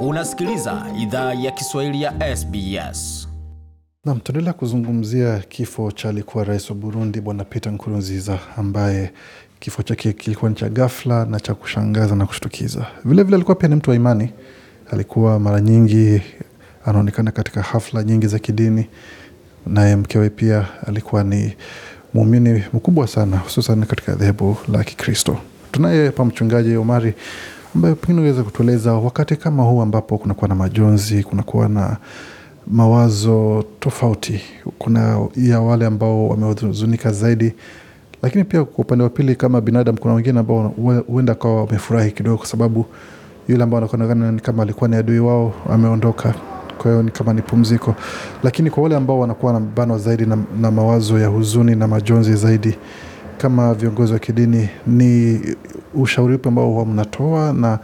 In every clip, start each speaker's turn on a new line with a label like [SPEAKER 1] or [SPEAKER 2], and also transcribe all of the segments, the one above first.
[SPEAKER 1] Unasikiliza idhaa ya Kiswahili ya SBS.
[SPEAKER 2] Nam, tunaendelea kuzungumzia kifo cha alikuwa rais wa Burundi Bwana Peter Nkurunziza ambaye kifo chake kilikuwa ni cha ghafla na cha kushangaza na kushtukiza. Vilevile alikuwa pia ni mtu wa imani, alikuwa mara nyingi anaonekana katika hafla nyingi za kidini, naye mkewe pia alikuwa ni muumini mkubwa sana, hususan katika dhehebu la Kikristo. Tunaye hapa Mchungaji Omari ambayo pengine unaweza kutueleza wakati kama huu ambapo kunakuwa na majonzi, kunakuwa na mawazo tofauti, kuna ya wale ambao wamehuzunika zaidi, lakini pia kwa upande wa pili kama binadamu, kuna wengine ambao huenda kawa wamefurahi kidogo, kwa sababu yule ambao anakuonekana ni kama alikuwa ni adui wao ameondoka, kwa hiyo ni kama ni pumziko. Lakini kwa wale ambao wanakuwa na mbano zaidi na, na mawazo ya huzuni na majonzi zaidi kama viongozi wa kidini, ni ushauri upi ambao huwa mnatoa na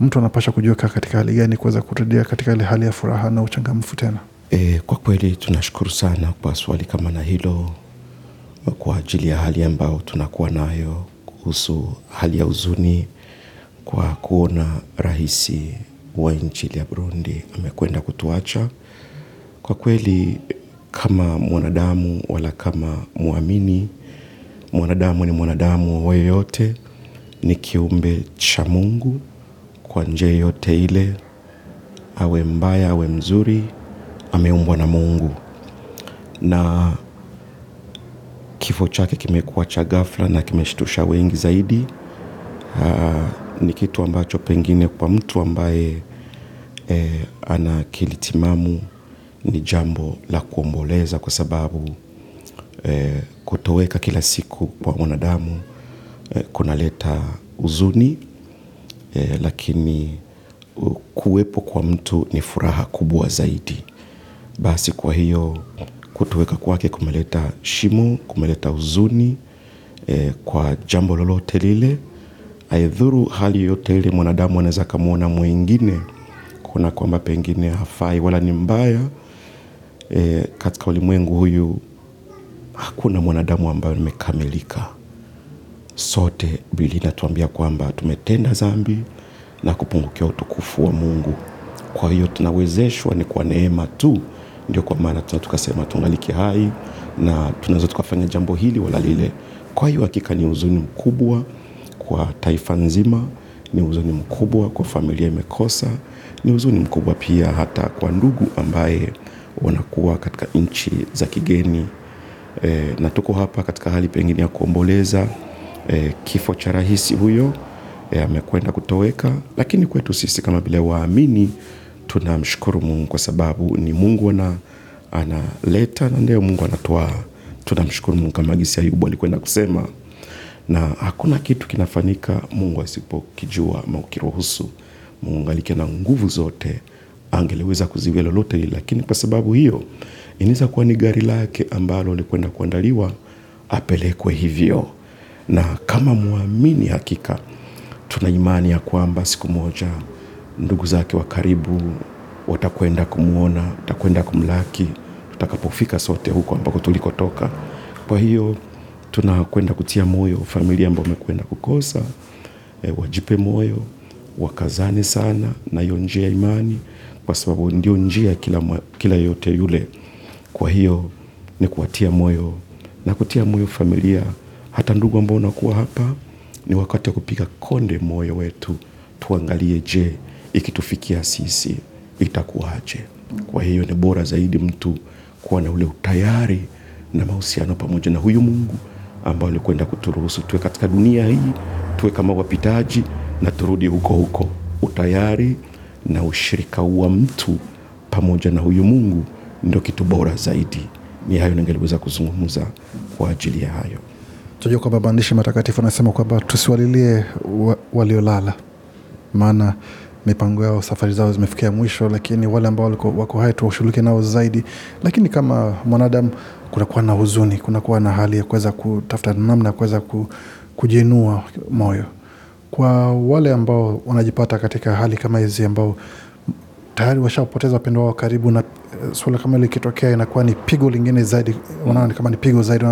[SPEAKER 2] mtu anapasha kujiweka katika hali gani kuweza kurudia katika ile hali ya furaha na uchangamfu tena?
[SPEAKER 1] E, kwa kweli tunashukuru sana kwa swali kama na hilo, kwa ajili ya hali ambayo tunakuwa nayo kuhusu hali ya huzuni kwa kuona rais wa nchi ya Burundi amekwenda kutuacha. Kwa kweli kama mwanadamu wala kama mwamini mwanadamu ni mwanadamu wa yoyote, ni kiumbe cha Mungu kwa njia yoyote ile, awe mbaya awe mzuri, ameumbwa na Mungu na kifo chake kimekuwa cha ghafla na kimeshtusha wengi zaidi. Aa, ah, ni kitu ambacho pengine kwa mtu ambaye e, ana akili timamu ni jambo la kuomboleza kwa sababu e, kutoweka kila siku kwa mwanadamu eh, kunaleta huzuni eh, lakini uh, kuwepo kwa mtu ni furaha kubwa zaidi. Basi kwa hiyo kutoweka kwake kumeleta shimo, kumeleta huzuni eh, kwa jambo lolote lile. Aidhuru hali yoyote ile, mwanadamu anaweza akamwona mwingine kuona kwamba pengine hafai wala ni mbaya eh, katika ulimwengu huyu Hakuna mwanadamu ambaye amekamilika. Sote Biblia inatuambia kwamba tumetenda dhambi na kupungukia utukufu wa Mungu. Kwa hiyo tunawezeshwa ni kwa neema tu, ndio kwa maana tuna tukasema tungaliki hai na tunaweza tukafanya jambo hili wala lile. Kwa hiyo hakika ni huzuni mkubwa kwa taifa nzima, ni huzuni mkubwa kwa familia imekosa, ni huzuni mkubwa pia hata kwa ndugu ambaye wanakuwa katika nchi za kigeni e, na tuko hapa katika hali pengine ya kuomboleza e, kifo cha rais huyo e, amekwenda kutoweka, lakini kwetu sisi kama vile waamini tunamshukuru Mungu kwa sababu ni Mungu ana analeta na ndio Mungu anatoa. Tunamshukuru Mungu kama gisi Ayubu alikwenda kusema, na hakuna kitu kinafanyika Mungu asipokijua ama ukiruhusu. Mungu alikuwa na nguvu zote, angeliweza kuziwia lolote, lakini kwa sababu hiyo inaweza kuwa ni gari lake ambalo likwenda kuandaliwa apelekwe hivyo. Na kama muamini, hakika tuna imani ya kwamba siku moja ndugu zake wa karibu watakwenda kumwona, watakwenda kumlaki tutakapofika sote huko ambako tulikotoka. Kwa hiyo tunakwenda kutia moyo familia ambao wamekwenda kukosa e, wajipe moyo, wakazane sana na hiyo njia ya imani, kwa sababu ndio njia kila, kila yote yule kwa hiyo ni kuwatia moyo na kutia moyo familia, hata ndugu ambao unakuwa hapa, ni wakati wa kupiga konde moyo wetu, tuangalie, je, ikitufikia sisi itakuwaje? Kwa hiyo ni bora zaidi mtu kuwa na ule utayari na mahusiano pamoja na huyu Mungu ambao alikwenda kuturuhusu tuwe katika dunia hii, tuwe kama wapitaji na turudi huko huko. Utayari na ushirika wa mtu pamoja na huyu Mungu ndio kitu bora zaidi. Ni hayo ningeliweza kuzungumza kwa ajili ya hayo.
[SPEAKER 2] Tunajua kwamba maandishi matakatifu anasema kwamba tusiwalilie wa, waliolala, maana mipango yao, safari zao zimefikia mwisho, lakini wale ambao wako hai tuwashughulike nao zaidi. Lakini kama mwanadamu, kunakuwa na huzuni, kunakuwa na hali ya kuweza kutafuta namna ya kuweza kujiinua moyo. Kwa wale ambao wanajipata katika hali kama hizi, ambao tayari washapoteza wapendo wao karibu, na eh, suala kama ile ikitokea inakuwa ni pigo lingine zaidi, unaona ni kama ni pigo zaidi,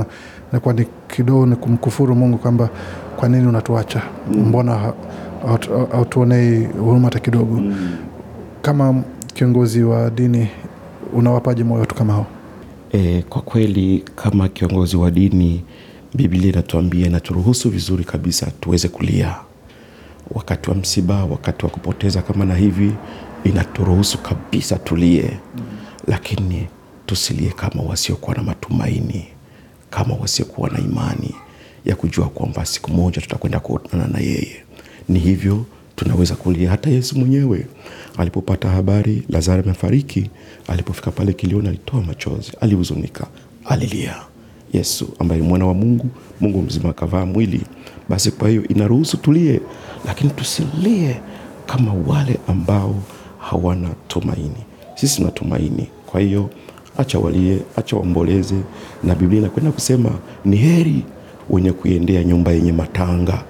[SPEAKER 2] inakuwa ni kidogo ni kumkufuru Mungu kwamba kwa nini unatuacha, mm. mbona hautuonei huruma hata kidogo? Mm. Kama kiongozi wa dini unawapaje moyo watu kama hao?
[SPEAKER 1] E, kwa kweli kama kiongozi wa dini Biblia inatuambia inaturuhusu vizuri kabisa tuweze kulia wakati wa msiba, wakati wa kupoteza kama na hivi inaturuhusu kabisa tulie Lakini tusilie kama wasiokuwa na matumaini, kama wasiokuwa na imani ya kujua kwamba siku moja tutakwenda kuonana na yeye. Ni hivyo tunaweza kulia. Hata Yesu mwenyewe alipopata habari Lazaro amefariki, alipofika pale kilioni, alitoa machozi, alihuzunika, alilia. Yesu ambaye mwana wa Mungu, Mungu mzima akavaa mwili. Basi kwa hiyo inaruhusu tulie, lakini tusilie kama wale ambao hawana tumaini. Sisi tuna tumaini. Kwa hiyo acha walie, acha waomboleze, na Biblia inakwenda kusema ni heri wenye kuiendea nyumba yenye matanga.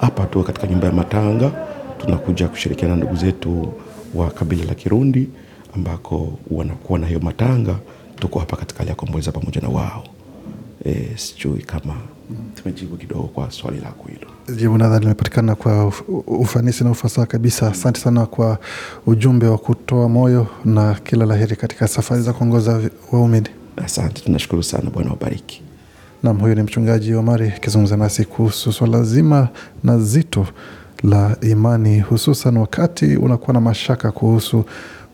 [SPEAKER 1] Hapa tu katika nyumba ya matanga tunakuja kushirikiana na ndugu zetu wa kabila la Kirundi ambako wanakuwa na hiyo matanga. Tuko hapa katika hali ya kuomboleza pamoja na wao. E, sijui kama tumejibu kidogo kwa swali lako hilo.
[SPEAKER 2] Jibu nadhani limepatikana kwa uf ufanisi na ufasaha kabisa. Asante sana kwa ujumbe wa kutoa moyo na kila laheri katika safari za kuongoza waumini. Asante, tunashukuru sana, Bwana wabariki. Nam, huyu ni mchungaji Omari akizungumza nasi kuhusu swala zima na zito la imani, hususan wakati unakuwa na mashaka kuhusu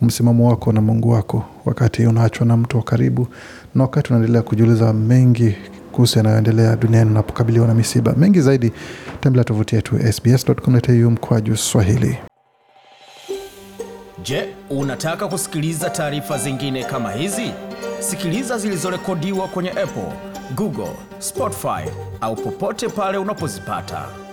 [SPEAKER 2] msimamo wako na Mungu wako wakati unaachwa na mtu wa karibu na wakati unaendelea kujiuliza mengi kuhusu yanayoendelea duniani unapokabiliwa na misiba mengi zaidi, tembelea tovuti yetu sbs.com.au mkwaju Swahili.
[SPEAKER 1] Je, unataka kusikiliza taarifa zingine kama hizi? Sikiliza zilizorekodiwa kwenye Apple, Google, Spotify au popote pale unapozipata.